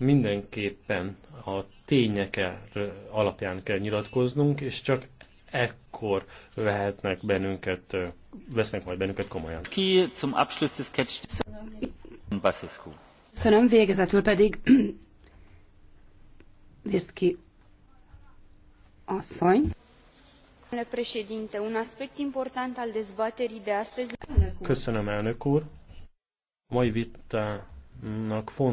mindenképpen a tények alapján kell nyilatkoznunk, és csak ekkor vehetnek bennünket, vesznek majd bennünket komolyan. Ki zum Abschluss des Catch Basescu. Köszönöm, végezetül pedig nézd ki asszony. Președinte, un aspect important al dezbaterii de astăzi... Köszönöm, elnök úr. mai vitának fontos